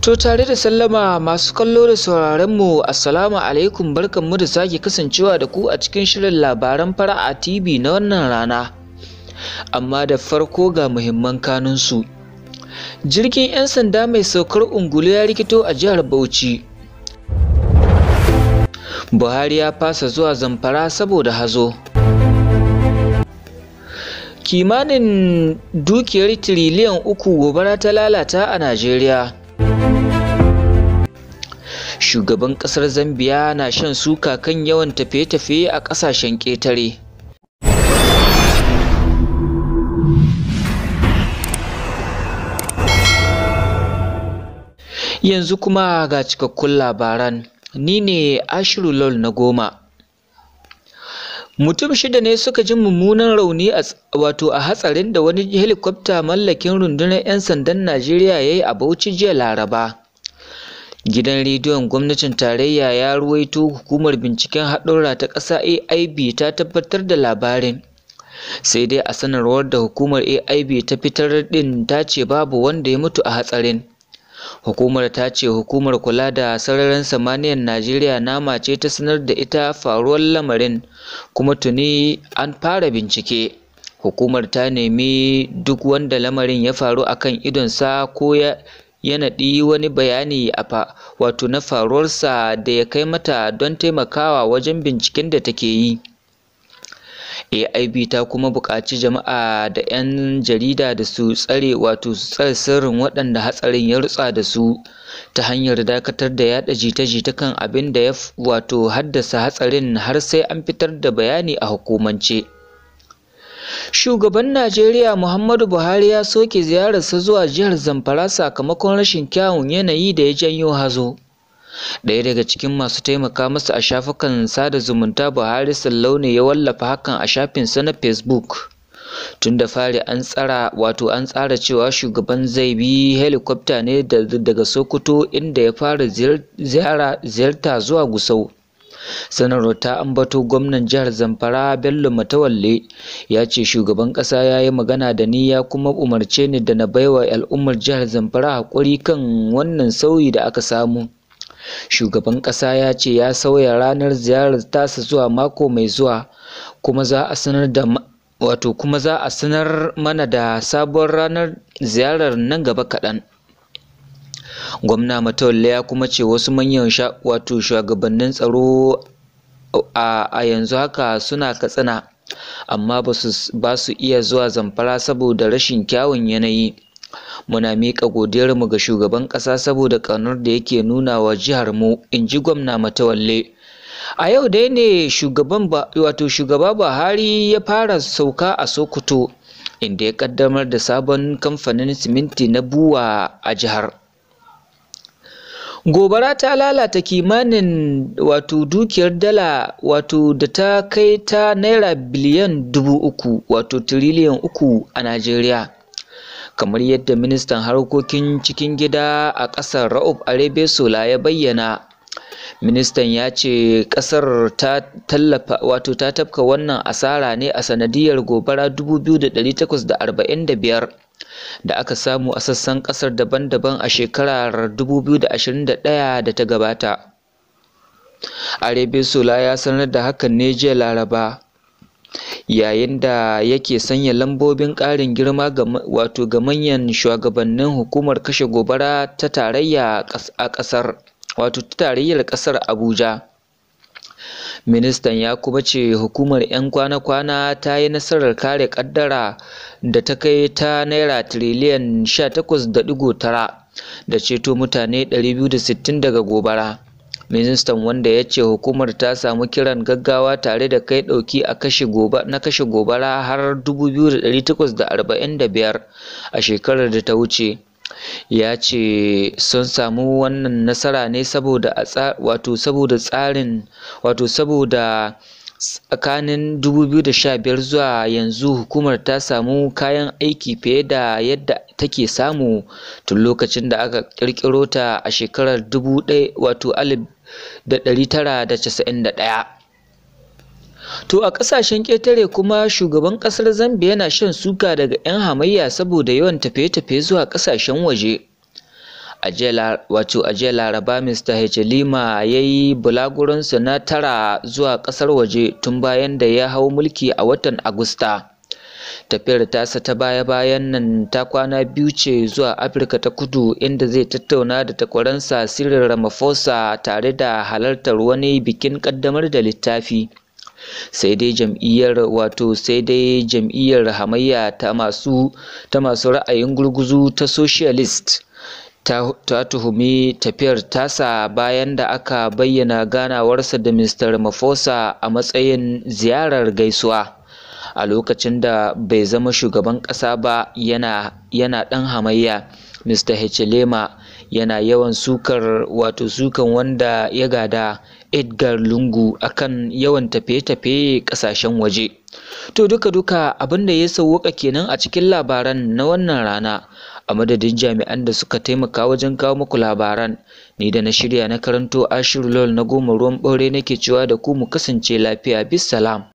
To tare da sallama masu kallo da sauraron mu assalamu alaikum barkan barkanmu da sake kasancewa da ku a cikin shirin labaran fara'a TV na wannan rana. Amma da farko ga muhimman kanunsu. Jirgin 'yan sanda mai saukar ungulu ya rikito a jihar Bauchi. Buhari ya fasa zuwa zamfara saboda hazo. Kimanin dukiyar tiriliyan uku gobara ta lalata a Najeriya. shugaban ƙasar zambiya na shan suka kan yawan tafiye-tafiye a ƙasashen ƙetare yanzu kuma ga cikakkun labaran ni ne ashiru lol na goma mutum shida ne suka ji mummunan rauni wato a hatsarin da wani helikwabta mallakin rundunar 'yan sandan najeriya ya yi a bauchi jiya laraba Gidan rediyon gwamnatin tarayya ya ruwaito Hukumar Binciken Haɗura ta Ƙasa (AIB) ta tabbatar da labarin. Sai dai a sanarwar da hukumar AIB ta fitar ɗin ta ce babu wanda ya mutu a hatsarin. Hukumar ta ce Hukumar Kula da Sararin Samaniyar Najeriya (NAMA) ce ta sanar da ita faruwar lamarin, kuma tuni an fara bincike. Hukumar ta nemi duk wanda lamarin ya faru a kan sa ko ya yana ɗi wani bayani a fa wato na faruwarsa da ya kai mata don taimakawa wajen binciken da take yi AIB ta kuma buƙaci jama'a da 'yan jarida da su tsare wato su tsare sirrin waɗanda hatsarin ya rutsa da su ta hanyar dakatar da yaɗa jita-jita kan abin da ya wato haddasa hatsarin har sai an fitar da bayani a hukumance. Shugaban Najeriya Muhammadu Buhari ya soke ziyararsa zuwa jihar Zamfara sakamakon rashin kyawun yanayi da ya janyo hazo. Ɗaya daga cikin masu taimaka masa a shafukan sada zumunta Buhari Sallau ne ya wallafa hakan a shafinsa na Facebook. Tun da fari an tsara wato an tsara cewa shugaban zai bi helikwafta ne daga Sokoto inda ya fara ziyarta zuwa Gusau. sanarwar ta ambato gwamnan jihar zamfara bello matawalle ya ce shugaban ƙasa ya yi magana da ni ya kuma umarce ni da na baiwa al'ummar jihar zamfara hakuri kan wannan sauyi da aka samu shugaban ƙasa ya ce ya sauya ranar ziyarar tasa zuwa mako mai zuwa kuma za a sanar da wato kuma za a sanar mana da sabuwar ranar ziyarar nan gaba kaɗan Gwamna Matawalle ya kuma ce wasu manyan wato shugabannin tsaro a yanzu haka suna Katsina, amma ba su iya zuwa Zamfara saboda rashin kyawun yanayi. Muna miƙa godiyarmu ga Shugaban ƙasa saboda ƙaunar da yake nuna wa jiharmu, in ji Gwamna Matawalle. A yau dai ne wato shugaba Buhari ya fara sauka a Sokoto, inda ya ƙaddamar da sabon kamfanin siminti na Buwa a jihar. gobara ta lalata kimanin wato dukiyar dala wato da ta kai ta naira biliyan dubu uku wato tiriliyan uku a najeriya kamar yadda ministan harkokin cikin gida a ƙasar ra'ub sola ya bayyana ministan ya ce ƙasar ta tallafa wato ta tafka wannan asara ne a sanadiyar gobara da da arba'in biyar. da aka samu a sassan ƙasar daban-daban a shekarar 2021 da ta gabata. Sola ya sanar da hakan ne jiya Laraba. yayin da yake sanya lambobin ƙarin girma wato ga manyan shugabannin hukumar kashe gobara ta ta tarayyar ƙasar Abuja Ministan ya kuma ce hukumar 'yan kwana-kwana ta yi nasarar kare kaddara da ta kai ta Naira tiriliyan 18.9 da ceto mutane 260 daga gobara. Ministan wanda ya ce hukumar ta samu kiran gaggawa tare da kai ɗauki na kashe gobara har 2,845 a shekarar da ta wuce. ya ce sun samu wannan nasara ne saboda wato saboda tsarin wato saboda tsakanin 2015 zuwa yanzu hukumar ta samu kayan aiki fiye da yadda take samu tun lokacin da aka kirkiro ta a shekarar 1991 To a ƙasashen ƙetare kuma shugaban ƙasar Zambia yana shan suka daga 'yan hamayya saboda yawan tafiye-tafiye zuwa ƙasashen waje. wato a jiya laraba mr hechelima ya yi bulagurinsa na tara zuwa ƙasar waje tun bayan da ya hau mulki a watan agusta tafiyar tasa ta baya-bayan nan ta kwana biyu ce zuwa afirka ta kudu inda zai tattauna da takwaransa sirrin ramaphosa tare da halartar wani bikin ƙaddamar da littafi sai dai jam'iyyar wato sai dai jam'iyyar hamayya ta masu ta masu ra'ayin gurguzu ta socialist ta, tuhumi tafiyar tasa bayan da aka bayyana ganawarsa da mr mafosa a matsayin ziyarar gaisuwa a lokacin da bai zama shugaban ƙasa ba yana yana ɗan hamayya mr hechelema yana yawan sukar wato sukan wanda ya gada Edgar Lungu akan yawan tafiye-tafiye kasashen waje. To duka-duka abinda da ya sauwaka kenan a cikin labaran na wannan rana a madadin jami'an da suka taimaka wajen kawo muku labaran ni da na shirya na karanto Ashiru Lol na goma ruwan ɓaure nake cewa da ku mu kasance lafiya bis salam.